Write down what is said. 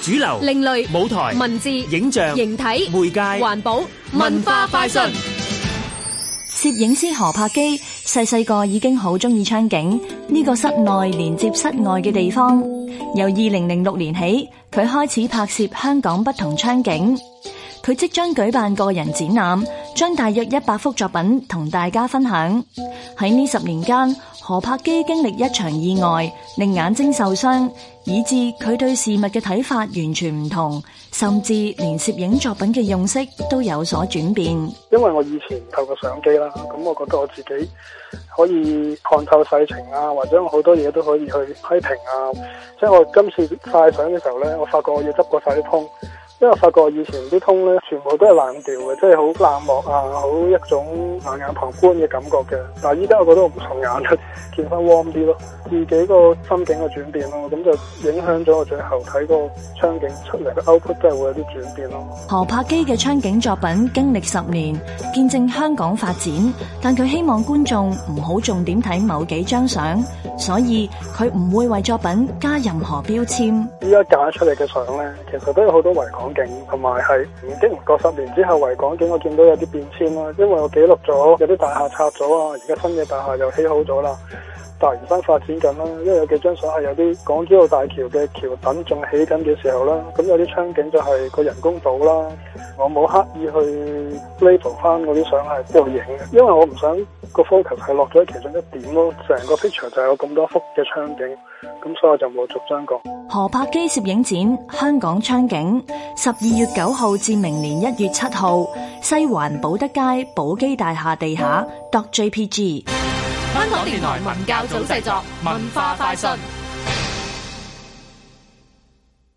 主流、另類舞台、文字、影像、形體、媒介、環保、文化、快訊。攝影師何柏基，細細個已經好中意窗景。呢個室內連接室外嘅地方。由二零零六年起，佢開始拍攝香港不同窗景。佢即將舉辦個人展覽。將大約一百幅作品同大家分享。喺呢十年間，何柏基經歷一場意外，令眼睛受傷，以致佢對事物嘅睇法完全唔同，甚至連攝影作品嘅用色都有所轉變。因為我以前透過相機啦，咁我覺得我自己可以看透世情啊，或者我好多嘢都可以去批評啊。即係我今次曬相嘅時候呢，我發覺我要執過晒啲通因為我發覺以前啲通咧，全部都係冷調嘅，即係好冷漠啊，好一種冷眼旁觀嘅感覺嘅。嗱，依家我覺得唔同眼，見翻 warm 啲咯，自己個心境嘅轉變咯，咁就影響咗我最後睇個窗景出嚟嘅 output 真係會有啲轉變咯。何柏基嘅窗景作品經歷十年，見證香港發展，但佢希望觀眾唔好重點睇某幾張相，所以佢唔會為作品加任何標籤。依家揀出嚟嘅相咧，其實都有好多圍同埋係係唔知唔覺十年之後，維港景我見到有啲變遷啦，因為我記錄咗有啲大廈拆咗啊，而家新嘅大廈又起好咗啦。大嶼山發展緊啦，因為有幾張相係有啲港珠澳大橋嘅橋墩仲起緊嘅時候啦，咁有啲窗景就係個人工島啦。我冇刻意去 label 翻嗰啲相係邊度影嘅，因為我唔想個 focus 係落咗其中一點咯。成個 picture 就有咁多幅嘅窗景，咁所以我就冇逐張講。何柏基攝影展《香港窗景》，十二月九號至明年一月七號，西環保德街寶基大廈地下 dot jpg。香港電台文教組製作，文化快訊。